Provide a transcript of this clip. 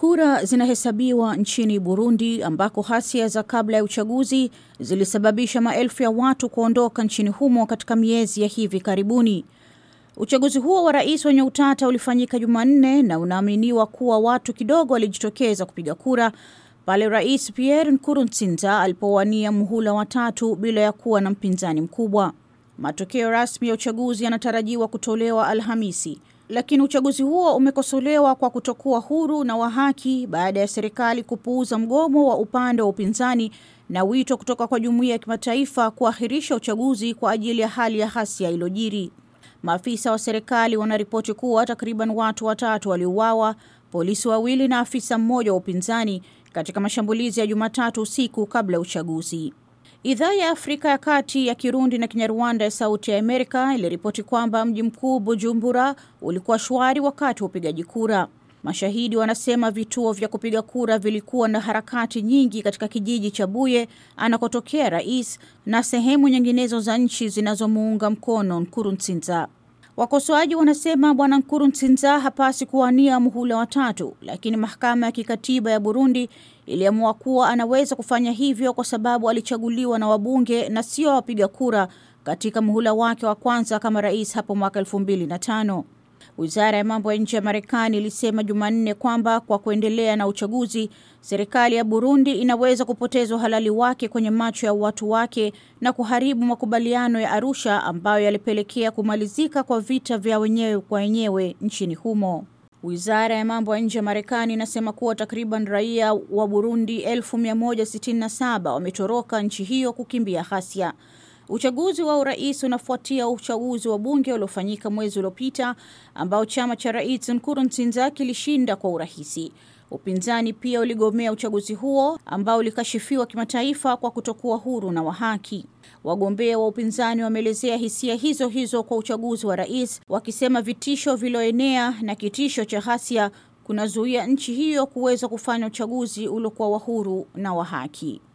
Kura zinahesabiwa nchini Burundi ambako hasia za kabla ya uchaguzi zilisababisha maelfu ya watu kuondoka nchini humo katika miezi ya hivi karibuni. Uchaguzi huo wa rais wenye utata ulifanyika Jumanne na unaaminiwa kuwa watu kidogo walijitokeza kupiga kura pale Rais Pierre Nkurunziza alipowania muhula watatu bila ya kuwa na mpinzani mkubwa. Matokeo rasmi ya uchaguzi yanatarajiwa kutolewa Alhamisi. Lakini uchaguzi huo umekosolewa kwa kutokuwa huru na wa haki baada ya serikali kupuuza mgomo wa upande wa upinzani na wito kutoka kwa jumuiya ya kimataifa kuahirisha uchaguzi kwa ajili ya hali ya ghasia iliyojiri. Maafisa wa serikali wanaripoti kuwa takriban watu watatu waliuawa, polisi wawili na afisa mmoja wa upinzani katika mashambulizi ya Jumatatu usiku kabla ya uchaguzi. Idhaa ya Afrika ya Kati ya Kirundi na Kinyarwanda ya Sauti ya Amerika iliripoti kwamba mji mkuu Bujumbura ulikuwa shwari wakati wa upigaji kura. Mashahidi wanasema vituo vya kupiga kura vilikuwa na harakati nyingi katika kijiji cha Buye anakotokea rais na sehemu nyinginezo za nchi zinazomuunga mkono Nkurunziza. Wakosoaji wanasema bwana Nkurunziza hapasi kuwania muhula watatu, lakini mahakama ya kikatiba ya Burundi iliamua kuwa anaweza kufanya hivyo kwa sababu alichaguliwa na wabunge na sio wapiga kura katika muhula wake wa kwanza kama rais hapo mwaka elfu mbili na tano. Wizara ya mambo ya nje ya Marekani ilisema Jumanne kwamba kwa kuendelea na uchaguzi, serikali ya Burundi inaweza kupoteza uhalali wake kwenye macho ya watu wake na kuharibu makubaliano ya Arusha ambayo yalipelekea kumalizika kwa vita vya wenyewe kwa wenyewe nchini humo. Wizara ya mambo ya nje ya Marekani inasema kuwa takriban raia wa Burundi 1167 wametoroka nchi hiyo kukimbia ghasia. Uchaguzi wa urais unafuatia uchaguzi wa bunge uliofanyika mwezi uliopita ambao chama cha Rais Nkurunziza kilishinda kwa urahisi. Upinzani pia uligomea uchaguzi huo ambao ulikashifiwa kimataifa kwa kutokuwa huru na wa haki. Wagombea wa upinzani wameelezea hisia hizo hizo kwa uchaguzi wa rais, wakisema vitisho vilioenea na kitisho cha ghasia kunazuia nchi hiyo kuweza kufanya uchaguzi uliokuwa wa huru na wa haki.